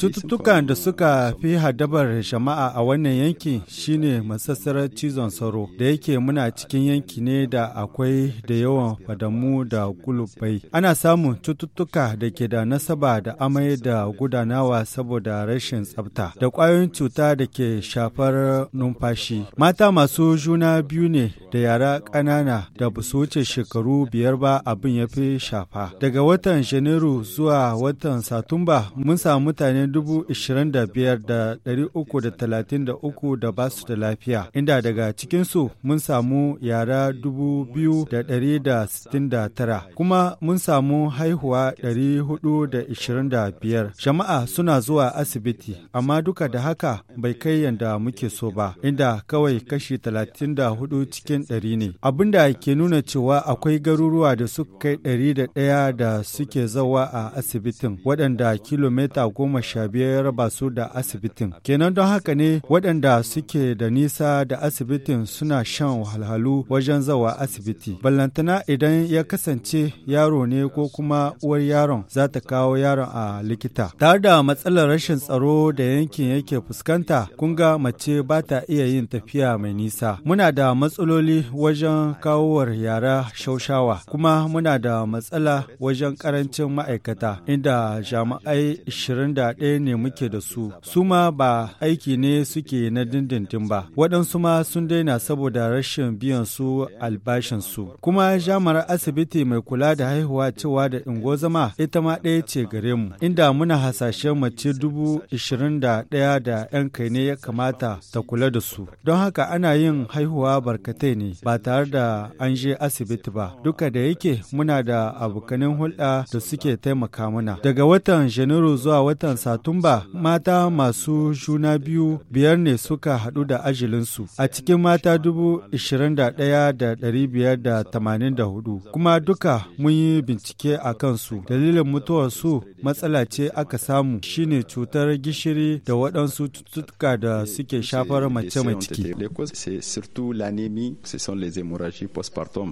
Cututtukan da suka euh, fi hadabar jama'a a wannan yanki shine masassarar cizon sauro da yake muna cikin yanki ne da akwai da yawan fadamu da gulubai. Ana samun cututtuka da ke da nasaba da amai da gudanawa saboda rashin tsafta da ƙwayoyin cuta da ke shafar numfashi. Mata masu juna biyu ne da yara ƙanana da ba su wuce shekaru biyar ba abin ya fi shafa. Daga watan Janairu zuwa watan Satumba mun samu mutane 25,333 da ba su da lafiya, inda daga cikinsu mun samu yara tara, kuma mun samu haihuwa 425. Jama'a suna zuwa asibiti, amma duka da haka bai kai yanda muke so ba, inda kawai kashi 34 cikin cikin ɗari ne. Abin da ke nuna cewa akwai garuruwa da suka kai ɗari da ɗaya da suke zawa a asibitin waɗanda kilomita goma sha biyar ya raba su da asibitin. Kenan don haka ne waɗanda suke da nisa da asibitin suna shan wahalhalu wajen zawa asibiti. Ballantana idan ya kasance yaro ne ko kuma uwar yaron za ta kawo yaron a likita. Tare da matsalar rashin tsaro da yankin yake fuskanta, kun ga mace ba ta iya yin tafiya mai nisa. Muna da matsaloli matsaloli wajen kawowar yara shaushawa, kuma muna da matsala wajen karancin ma'aikata, inda jami'ai 21 ne muke da su. Su ma ba aiki ne suke na dindindin ba, waɗansu ma sun daina saboda rashin biyan su albashinsu. Kuma jami'ar asibiti mai kula da haihuwa cewa da ingozama ita ma ɗaya ce gare mu, inda muna hasashen mace dubu ishirin da da 'yan kai ne ya kamata ta kula da su. Don haka ana yin haihuwa barkatai magani ba tare da an je asibiti ba. Duka da yake muna da abokanin hulɗa da suke taimaka mana. Daga watan Janairu zuwa watan Satumba mata masu juna biyu biyar ne suka haɗu da ajilinsu a cikin mata dubu ishirin da ɗaya da ɗari biyar da tamanin da hudu kuma duka mun yi bincike a kansu dalilin mutuwarsu matsala ce aka samu shine cutar gishiri da waɗansu cututtuka da suke shafar mace mai ciki ce sont les hémorragies postpartum.